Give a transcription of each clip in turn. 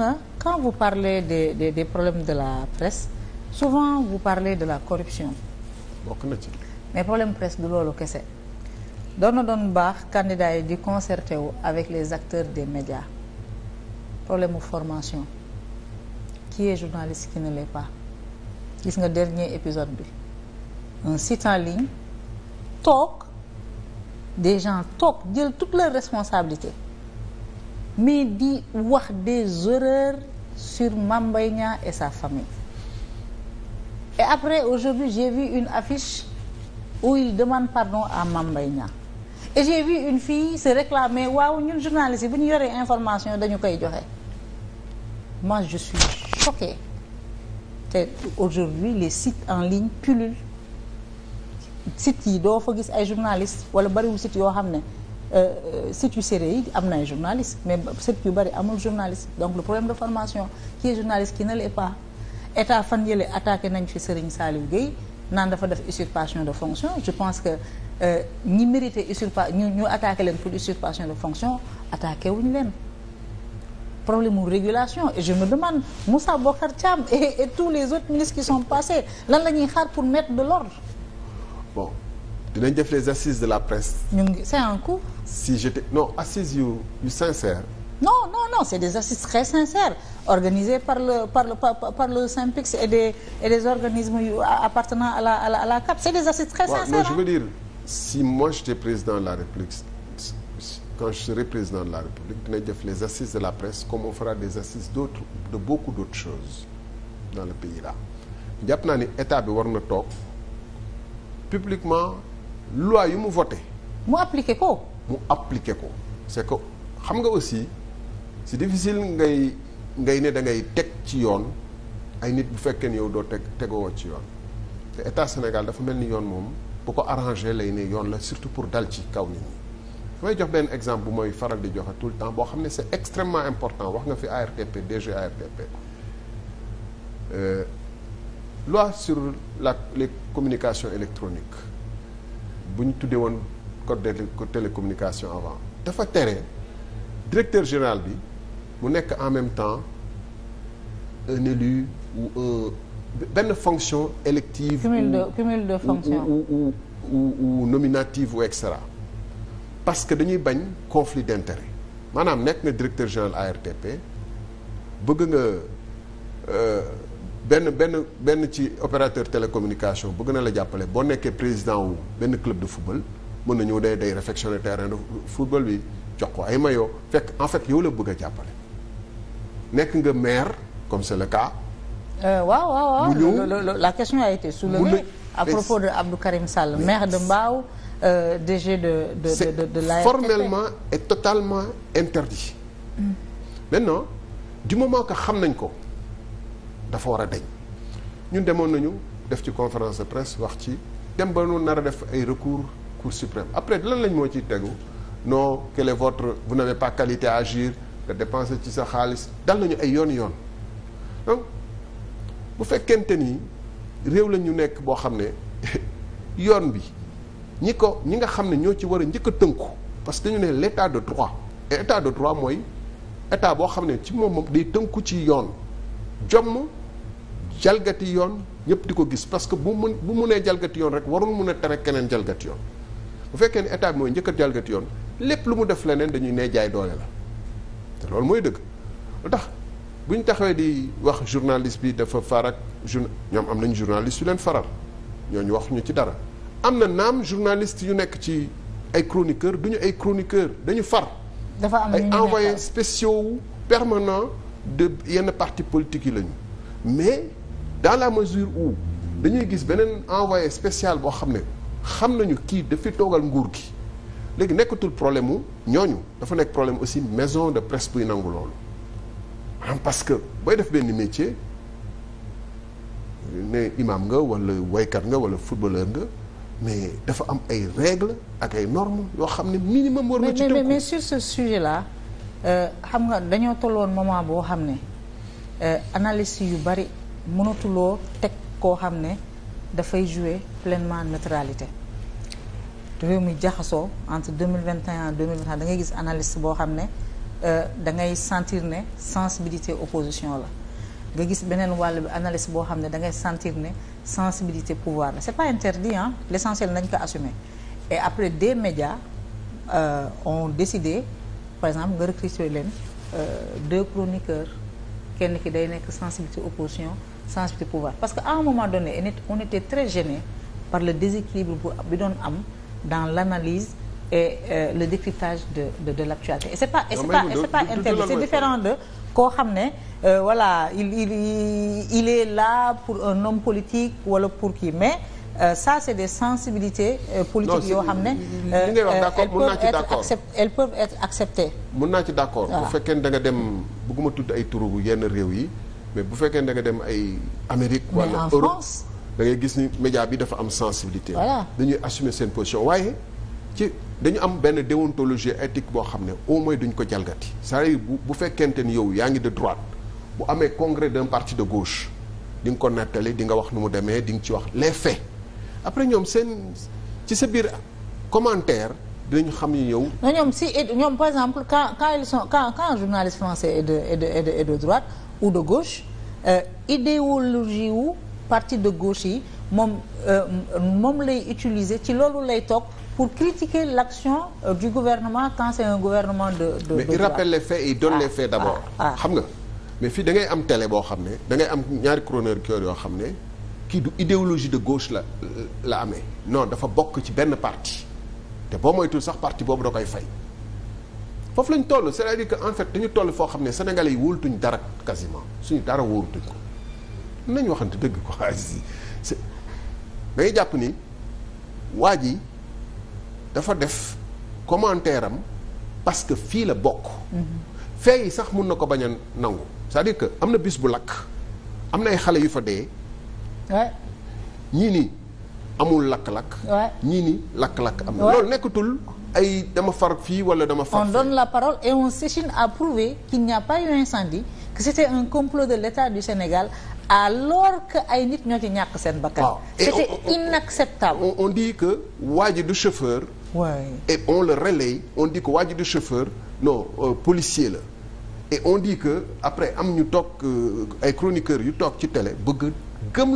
nga quand vous parlez des des des problèmes de la presse souvent vous parlez de la corruption. bokk na ci. mais problème presse du loolu kese. doon na doon baax candidat di concerté wu avec les acteurs des médias problème mu formation qui est journaliste qui ne l'est pas gis nga dernier épisode bi un site en ligne toog des gens toog jël tout leurs responsabilités. mais di wax des horreurs sur Mame Mbaye Niang et sa famille et après aujourd'hui j'ai vu une affiche où il demande pardon à Mame Mbaye Niang et j'ai vu une fille se réclamer waaw ñun journaliste yi bu ñu yoree information dañu koy joxe moi je suis choquée te aujourd'hui les sites en ligne pullulent sites yi doo fa gis ay journalistes wala bariwul sites yoo xam ne situ euh, euh, série yi am na ay journaliste mais site yu bëri amul journaliste donc le problème de formation qui est journaliste qui ne l'est pas état fan yële attaqué nañ fi Serigne Saliou Gueye naan dafa def usurpation de fonction je pense que euh, ñi mérité usurpa ñu ñu attaqué leen pour usurpation de fonction attaqué wuñu leen problème mu régulation et je me demande Moussa boo Thiam et, et tous les autres ministres qui sont passés lan la ñuy xaar pour mettre de l'ordre dinañ def les assises de la presse. ñu ngi c'est un coup. si j'étais non assises yu yu non non non c'est des assises très sincères organisées par le par le par, par le SYNPICS et des et des organismes yu appartenant à la à la à la CAP c'est des assises très ouais, sincères. non je veux dire si moi j'étais président de la République quand je serai président de la République dinañ def les assises de la presse comme on fera des assises d'autres de beaucoup d'autres choses dans le pays là jàpp bi war na toog loi yu mu voté. mu appliqué ko. mu appliqué ko c'est ko xam nga aussi si difficile ngay ngay ne da ngay teg ci yoon ay nit bu fekkee ne yow doo teg tegoo ci yoon te état Sénégal dafa mel ni yoon moom bu ko arrangé lay ne yoon la surtout pour dal ci kaw nit ñi. damay jox benn exemple bu mooy faral di joxe tout le temps boo xam ne c'est extrêmement important wax nga fi ARTP DG ARTP. Euh, loi sur la le communication électronique bu ñu tuddee woon code de télécommunication avant dafa tere directeur général bi mu nekk en même temps un élu benn fonction élective cumul de cumul de fonction ou ou ou ou nominative ou et parce que dañuy bañ conflit d'intérêt maanaam nekk nga directeur général ARTP bëgg nga euh, benn benn benn ci opérateur télécommunication bëgg na la jàppale boo nekkee président wu benn club de football mën na ñëw day day réfectionner terrain de football bi jox ko ay maillot fekk en fait yow la bëgg a jàppale nekk nga maire comme c'est le cas. Euh, waaw waaw waaw la question a été soulevée à propos de Abdou Karim Sall maire de Mbao euh, DG de de de de, de formellement et totalement interdit. Mm. maintenant du moment que xam nañ ko. dafa war a deñ ñu demoon nañu def ci conférence de presse wax ci dem ba nu nar a def ay recours cour suprême après lan lañ moo ciy tegu noo quel est votre vous n'avez pas qualité à agir nga dépenser ci sa xaalis dal nañu ay yoon yoon donc bu fekkente ni réew la ñu nekk boo xam ne yoon bi ñi ko ñi nga xam ne ñoo ci war a njëkk tënku parce que dañu ne l'état de droit et état de droit mooy état boo xam ne ci moom moom day tënku ci yoon jomm jalgati yoon ñëpp di ko gis parce que bu mun bu munee jalgati yoon rek warul mun a tere keneen jalgati yoon bu fekkee ne état bi mooy njëkk a jalgati yoon lépp lu mu def leneen dañuy nee jaay doole la te loolu mooy dëgg lu tax bu ñu taxawee di wax journaliste bi dafa far ak jour ñoom am nañu journaliste yu leen faral ñooñu wax ñu ci dara am na naam journaliste yu nekk ci ay chroniqueur duñu ay chroniqueur dañu far dafa am ay envoyés spéciaux permanents de yenn parti politique yi lañu dans la mesure où dañuy gis beneen envoyé spécial boo xam ne xam nañu kii dafi toogal nguur gi léegi nekkatul problème mu ñooñu dafa nekk problème aussi maison de presse buy nangu loolu maanaam parce que booy def benn métier ne imam nga wala waykat nga wala footballeur nga mais dafa am ay règles ak ay normes yoo xam ne minimum war nga ci tënku mais sur ce sujet là euh, xam nga dañoo tolloon moment boo xam ne euh, analyste yu bari mënatuloo teg koo xam ne dafay jouer pleinement neutralité réew muy jaxasoo entre deux mille vingt et un da ngay gis analyste boo xam ne euh, da ngay sentir ne sensibilité opposition la nga gis beneen wàll bi analyste boo xam ne da ngay sentir ne sensibilité pouvoir la c'est pas interdit hein l'essentiel nañ ko assumer après des média euh, ont décidé par exemple nga recruter leen euh, deux chroniqueurs kenn ki day nekk sensibilité opposition sens du parce que à un moment donné on était très gêné par le déséquilibre bu bi doon am dans l'analyse et euh, le décryptage de de de l'actualité et c'est pas et c'est pas et c'est pas différent de koo xam ne wala euh, il il est là pour un homme politique wala pour qui mais euh, ça c'est des sensibilités euh, yoo xam ne. Euh, li ngay wax euh, d'accord mën naa ci d'accord peuvent être acceptées. mën naa ci d'accord bu fekkee da nga dem bëgguma tudd ay turu yenn réew yi. mais bu fekkee da dem ay Amérique wala Europe da ngay gis ni média bi dafa am sensibilité dañuy assumer seen position waaye ci dañu am benn déontologie éthique boo xam ne au moins duñ ko jalgati cest à bu bu fekkente ni yow yaa ngi de droite bu amee congrès de parti de gauche di nga ko nettali di nga wax nu mu demee di nga ci wax les faits après ñoom seen ci sa biir commentaire dinañu xam ni yow. ñoom si ñoom par exemple quand quand ils sont quand quand un journaliste français de est de est de ou de gauche euh, idéologie wu parti de gauche yi moom euh, moom lay utiliser ci loolu lay toog pour critiquer l'action euh, du gouvernement quand c'est un gouvernement de de mais les faits il donne les ah, ah, ah. xam nga mais fii da ngay am télé boo xam ne da ngay am ñaari chroniqueur yoo xam ne kii du idéologie de gauche la la amee non dafa bokk ci benn parti te boo moytul sax parti boobu da koy fay foofu lañ toll c'est-à-dire que en fait dañu toll foo xam ne sénégalais yi wóolutuñ dara quasiment suñu dara wóorutuñ ko nañ waxante dëgg ko si jàpp ni waa ji dafa def commentaire am parce que fii la bokk. Mm-hmm. fee sax mun na ko bañ a nangu c'est-à-dire que am na bis bu lakk am na ay xale yu fa dee. ñii ni amul lakk-lakk. ñii ni lakk-lakk am na. loolu nekkatul ay dama far fii wala dama. far on donne la parole et on s'échine à prouver qu'il n'y a pas eu incendie. que c'était un complot de l'État du Sénégal alors que ay nit ñoo ci ñàkk seen bakkan c'était inacceptable on, on dit que waa du chauffeur ouais. et on le relaye on dit que waa du chauffeur non euh, policier la et on dit que après am ñu toog euh, ay chroniqueurs yu toog ci télé bëgg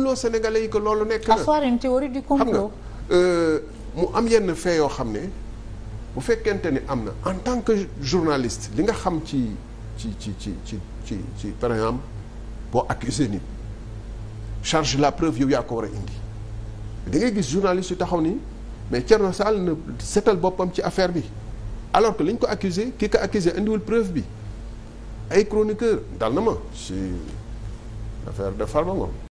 loo sénégalais yi que loolu nekk na avoir une théorie du complot xam nga euh, mu am yenn fait yoo xam ne bu fekkente ni am na en tant que journaliste li nga xam ci ci ci ci ci ci ci par exemple boo accusé nit charge la preuve yow yaa ko war a indi da gis journaliste yu taxaw ni mais Thierno Sall na setal boppam ci affaire bi alors que li ko accusé kii ko accusé indiwul preuve bi ay chroniqueur dal na ma ci affaire de Farba Ngom